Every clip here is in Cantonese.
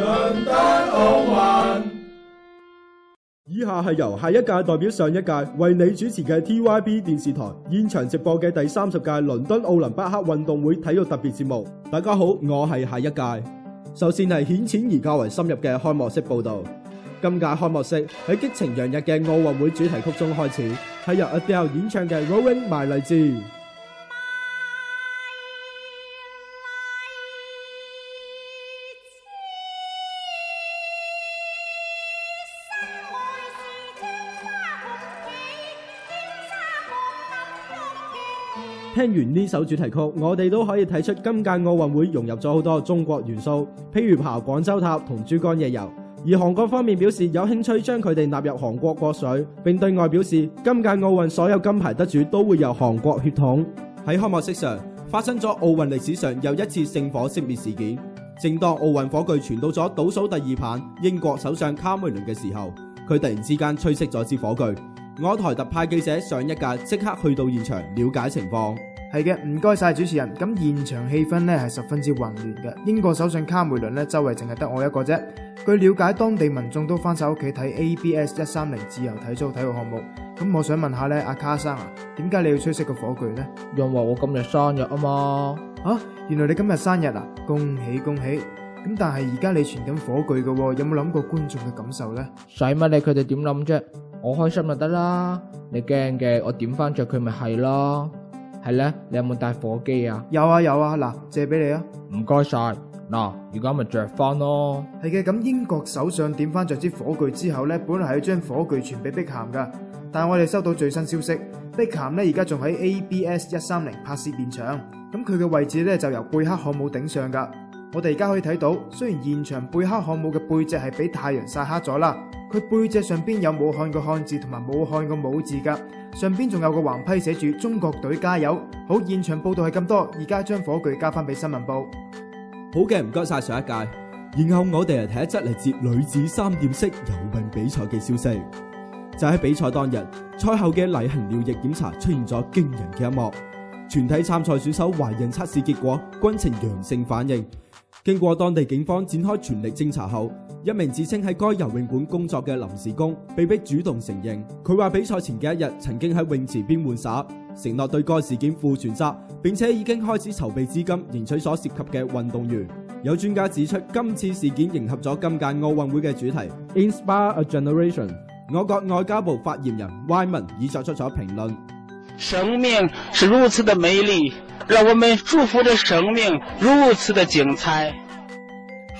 倫敦奧運，以下係由下一屆代表上一屆為你主持嘅 T Y B 電視台現場直播嘅第三十屆倫敦奧林匹克運動會體育特別節目。大家好，我係下一屆。首先係顯淺而較為深入嘅開幕式報道。今屆開幕式喺激情洋溢嘅奧運會主題曲中開始，係由 Adele 演唱嘅 Rowing My Lizzy。聽完呢首主題曲，我哋都可以睇出今屆奧運會融入咗好多中國元素，譬如跑廣州塔同珠江夜遊。而韓國方面表示有興趣將佢哋納入韓國國粹，並對外表示今屆奧運所有金牌得主都會有韓國血統。喺開幕式上發生咗奧運歷史上又一次聖火熄滅事件。正當奧運火炬傳到咗倒數第二棒英國首相卡梅倫嘅時候，佢突然之間吹熄咗支火炬。我台特派記者上一屆即刻去到現場了解情況。係嘅，唔該晒主持人。咁現場氣氛咧係十分之混亂嘅。英國首相卡梅倫咧周圍淨係得我一個啫。據了解，當地民眾都翻晒屋企睇 ABS 一三零自由體操體育項目。咁我想問下咧，阿卡生啊，點解你要吹熄個火炬咧？因為我今日生日啊嘛。吓、啊，原來你今日生日啊？恭喜恭喜！咁但係而家你傳緊火炬嘅，有冇諗過觀眾嘅感受咧？使乜你佢哋點諗啫？我開心就得啦。你驚嘅，我點翻着佢咪係咯？係咧，你有冇帶火機啊？有啊有啊，嗱借俾你啊，唔該晒。嗱，而家咪着翻咯。係嘅，咁英國首相點翻着支火炬之後咧，本來係要將火炬傳俾碧咸噶，但係我哋收到最新消息，碧咸咧而家仲喺 A B S 一三零拍攝現場，咁佢嘅位置咧就由貝克漢姆頂上噶。我哋而家可以睇到，雖然現場貝克漢姆嘅背脊係俾太陽曬黑咗啦。佢背脊上邊有武漢嘅漢字同埋武漢嘅武字噶，上邊仲有個橫批寫住中國隊加油。好，現場報道係咁多，而家將火炬交翻俾新聞部。好嘅，唔該晒上一屆。然後我哋又睇一則嚟自女子三點式游泳比賽嘅消息。就喺比賽當日，賽後嘅例行尿液檢查出現咗驚人嘅一幕，全體參賽選手懷孕測試結果均呈陽性反應。經過當地警方展開全力偵查後，一名自稱喺該游泳館工作嘅臨時工，被迫主動承認，佢話比賽前嘅一日曾經喺泳池邊玩耍，承諾對該事件負全責，並且已經開始籌備資金，營取所涉及嘅運動員。有專家指出，今次事件迎合咗今屆奧運會嘅主題 Inspire a Generation。我國外交部發言人 Wyman 已作出咗評論。生命是如此的美麗，讓我們祝福這生命如此的精彩。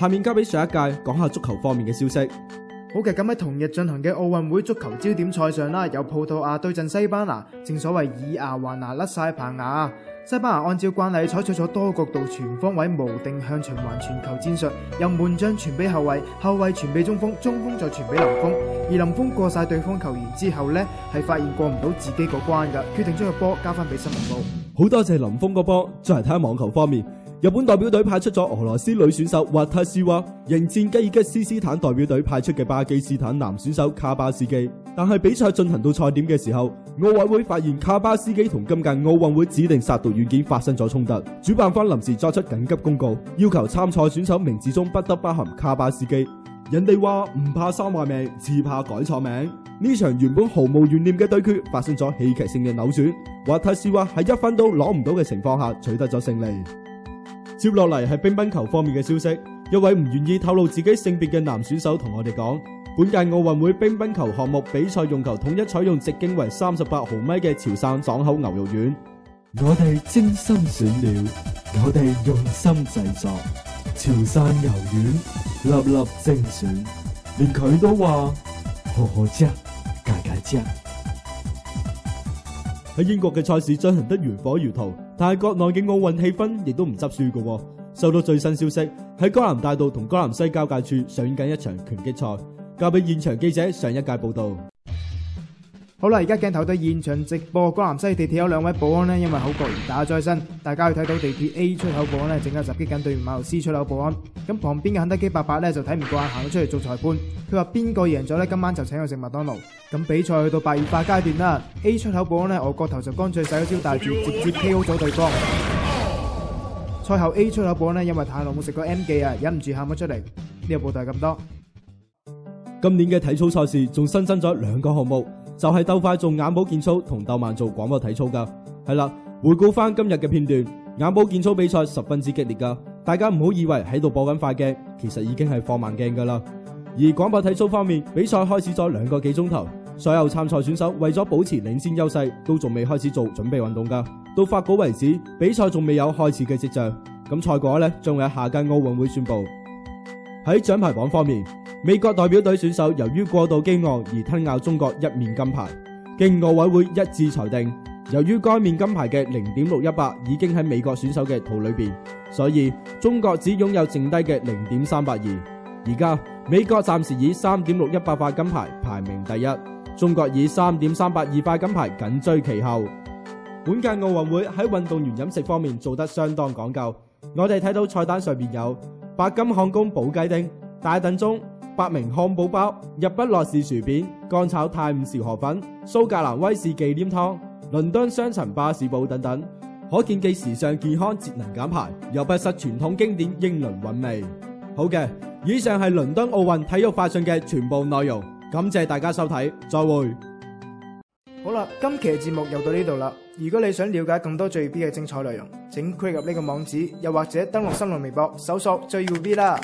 下面交俾上一屆，講下足球方面嘅消息好的。好嘅，咁喺同日進行嘅奧運會足球焦點賽上啦，由葡萄牙對陣西班牙。正所謂以牙還牙，甩晒棚牙。西班牙按照慣例採取咗多角度、全方位、無定向循環全球戰術，由門將傳俾後衛，後衛傳俾中鋒，中鋒再傳俾林峯。而林峯過晒對方球員之後呢，係發現過唔到自己嗰關嘅，決定將個波交翻俾新聞部。好多謝林峯個波，再嚟睇下網球方面。日本代表隊派出咗俄羅斯女選手沃特斯娃迎戰吉爾吉斯斯坦代表隊派出嘅巴基斯坦男選手卡巴斯基，但係比賽進行到賽點嘅時候，奧委會發現卡巴斯基同今屆奧運會指定殺毒軟件發生咗衝突，主辦方臨時作出緊急公告，要求參賽選手名字中不得包含卡巴斯基。人哋話唔怕生壞命，只怕改錯名。呢場原本毫無懸念嘅對決發生咗戲劇性嘅扭轉，沃特斯娃喺一分都攞唔到嘅情況下取得咗勝利。接落嚟係乒乓球方面嘅消息，一位唔願意透露自己性別嘅男選手同我哋講：本屆奧運會乒乓球項目比賽用球統一採用直徑為三十八毫米嘅潮汕爽口牛肉丸。我哋精心選料，我哋用心製作，潮汕牛肉丸粒粒精選，連佢都話：好好嚼，介介嚼。喺英國嘅賽事進行得如火如荼。但係國內嘅奧運氣氛亦都唔執輸㗎喎，收到最新消息喺江南大道同江南西交界處上演緊一場拳擊賽，交俾現場記者上一屆報導。好啦，而家鏡頭對現場直播，江南西地鐵有兩位保安呢，因為口角而打咗起身。大家會睇到地鐵 A 出口保安呢，正喺襲擊緊對面馬路 C 出口保安。咁旁邊嘅肯德基伯伯呢，就睇唔慣，行咗出嚟做裁判。佢話邊個贏咗呢？今晚就請佢食麥當勞。咁比賽去到八月八階段啦，A 出口保安呢，我個頭就乾脆使咗招大招，直接 KO 咗對方。賽後 A 出口保安呢，因為太耐冇食過 M 記啊，忍唔住喊咗出嚟。呢、這個報題咁多。今年嘅體操賽事仲新增咗兩個項目。就係鬥快做眼保健操同鬥慢做廣播體操噶，係啦。回顧翻今日嘅片段，眼保健操比賽十分之激烈噶，大家唔好以為喺度播緊快鏡，其實已經係放慢鏡噶啦。而廣播體操方面，比賽開始咗兩個幾鐘頭，所有參賽選手為咗保持領先優勢，都仲未開始做準備運動噶。到發稿為止，比賽仲未有開始嘅跡象。咁賽果呢，將會喺下屆奧運會宣布。喺獎牌榜方面。美國代表隊選手由於過度飢餓而吞咬中國一面金牌，經奧委會一致裁定，由於該面金牌嘅零點六一八已經喺美國選手嘅肚裏邊，所以中國只擁有剩低嘅零點三八二。而家美國暫時以三點六一八塊金牌排名第一，中國以三點三八二塊金牌緊追其後。本屆奧運會喺運動員飲食方面做得相當講究，我哋睇到菜單上邊有白金漢宮保雞丁、大燉盅」、百名漢堡包、日不落士薯片、乾炒泰晤士河粉、蘇格蘭威士忌廉湯、倫敦雙層巴士堡等等，可見既時尚、健康、節能減排，又不失傳統經典英倫韻味。好嘅，以上係倫敦奧運體育快訊嘅全部內容，感謝大家收睇，再會。好啦，今期節目又到呢度啦，如果你想了解更多最耀 B 嘅精彩內容，請加入呢個網址，又或者登錄新浪微博搜索最耀 B 啦。